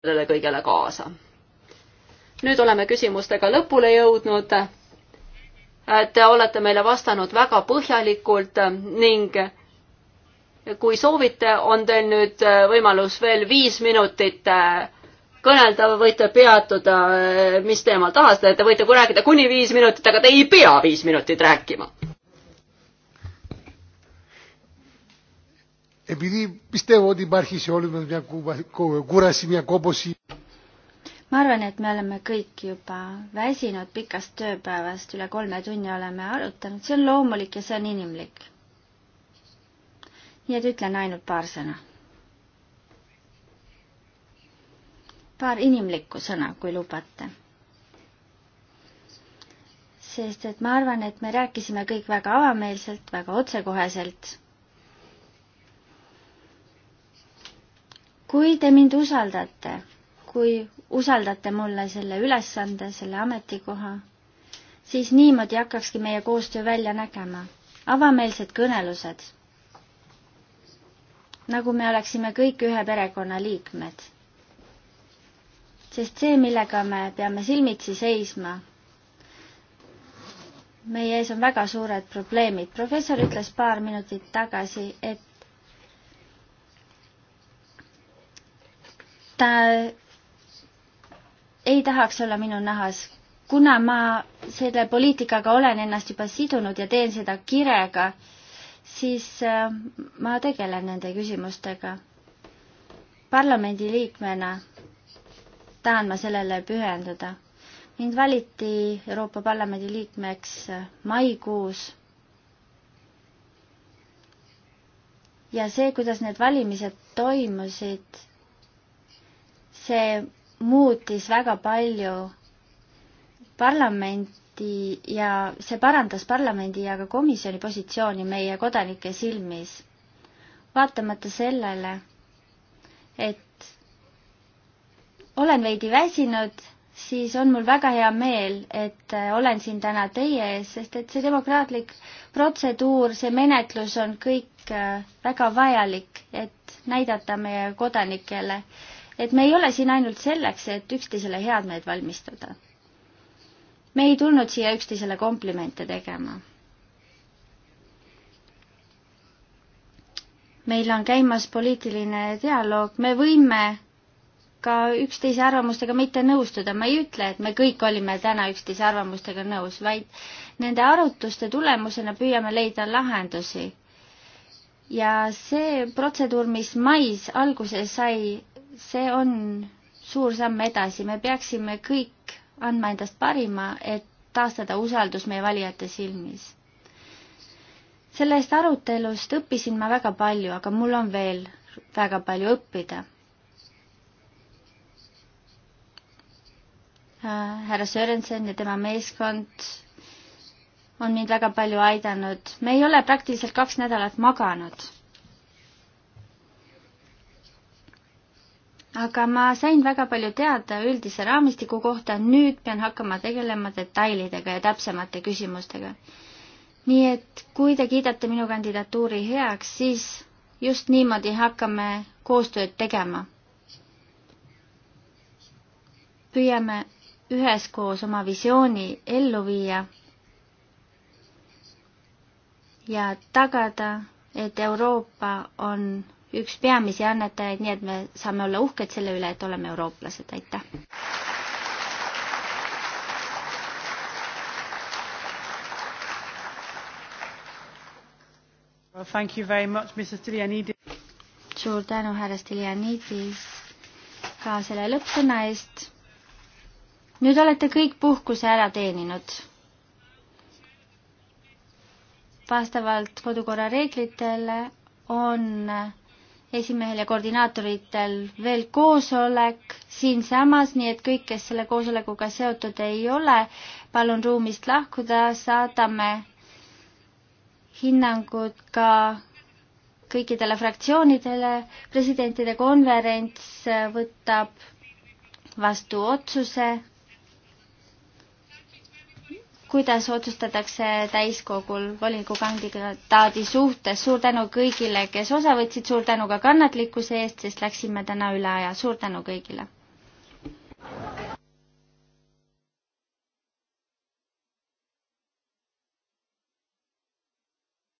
sellele kõigele kaasa. nüüd oleme küsimustega lõpule jõudnud. Te olete meile vastanud väga põhjalikult ning kui soovite, on teil nüüd võimalus veel viis minutit kõnelda, võite peatuda, eh, mis teemal tahate, te võite rääkida kuni viis minutit, aga te ei pea viis minutit rääkima Επειδή πιστεύω ότι υπάρχει σε όλους μας μια κούραση, μια κόπωση. ma arvan, et me oleme kõik juba väsinud pikast tööpäevast, üle kolme tunni oleme arutanud, see on loomulik ja see on inimlik. nii et ütlen ainult paar sõna. paar inimlikku sõna, kui lubate sest et ma arvan, et me rääkisime kõik väga avameelselt, väga otsekoheselt. kui te mind usaldate, kui usaldate mulle selle ülesande, selle ametikoha, siis niimoodi hakkakski meie koostöö välja nägema. avameelsed kõnelused. nagu me oleksime kõik ühe perekonna liikmed. sest see, millega me peame silmitsi seisma, meie ees on väga suured probleemid. professor ütles paar minutit tagasi, et ta ei tahaks olla minu nahas. kuna ma selle poliitikaga olen ennast juba sidunud ja teen seda kirega, siis äh, ma tegelen nende küsimustega. parlamendiliikmena tahan ma sellele pühenduda. mind valiti Euroopa Parlamendi liikmeks äh, maikuus. ja see, kuidas need valimised toimusid see muutis väga palju parlamenti ja see parandas parlamendi ja ka komisjoni positsiooni meie kodanike silmis. vaatamata sellele, et olen veidi väsinud, siis on mul väga hea meel, et olen siin täna teie ees, sest et see demokraatlik protseduur, see menetlus on kõik väga vajalik, et näidata meie kodanikele, et me ei ole siin ainult selleks, et üksteisele head meelt valmistada. me ei tulnud siia üksteisele komplimente tegema. meil on käimas poliitiline dialoog, me võime ka üksteise arvamustega mitte nõustuda, ma ei ütle, et me kõik olime täna üksteise arvamustega nõus, vaid nende arutluste tulemusena püüame leida lahendusi ja see protseduur, mis mais alguse sai, see on suur samm edasi, me peaksime kõik andma endast parima, et taastada usaldus meie valijate silmis. sellest arutelust õppisin ma väga palju, aga mul on veel väga palju õppida. härra Sörensen ja tema meeskond on mind väga palju aidanud, me ei ole praktiliselt kaks nädalat maganud aga ma sain väga palju teada üldise raamistiku kohta, nüüd pean hakkama tegelema detailidega ja täpsemate küsimustega. nii et kui te kiidate minu kandidatuuri heaks, siis just niimoodi hakkame koostööd tegema. püüame üheskoos oma visiooni ellu viia ja tagada, et Euroopa on üks peamisi annetajaid, nii et me saame olla uhked selle üle, et oleme eurooplased, aitäh! Well, thank you very much, Mrs. Stylianidis. suur tänu, härra Stylianidis, ka selle lõppsõna eest. nüüd olete kõik puhkuse ära teeninud. vastavalt kodukorra reeglitele on esimehel ja koordinaatoritel veel koosolek siinsamas, nii et kõik, kes selle koosolekuga seotud ei ole, palun ruumist lahkuda, saadame hinnangud ka kõikidele fraktsioonidele. presidentide konverents võtab vastu otsuse kuidas otsustatakse täiskogul volinikukandidaadi suhtes. suur tänu kõigile, kes osa võtsid, suur tänu ka kannatlikkuse eest, sest läksime täna üle aja. suur tänu kõigile!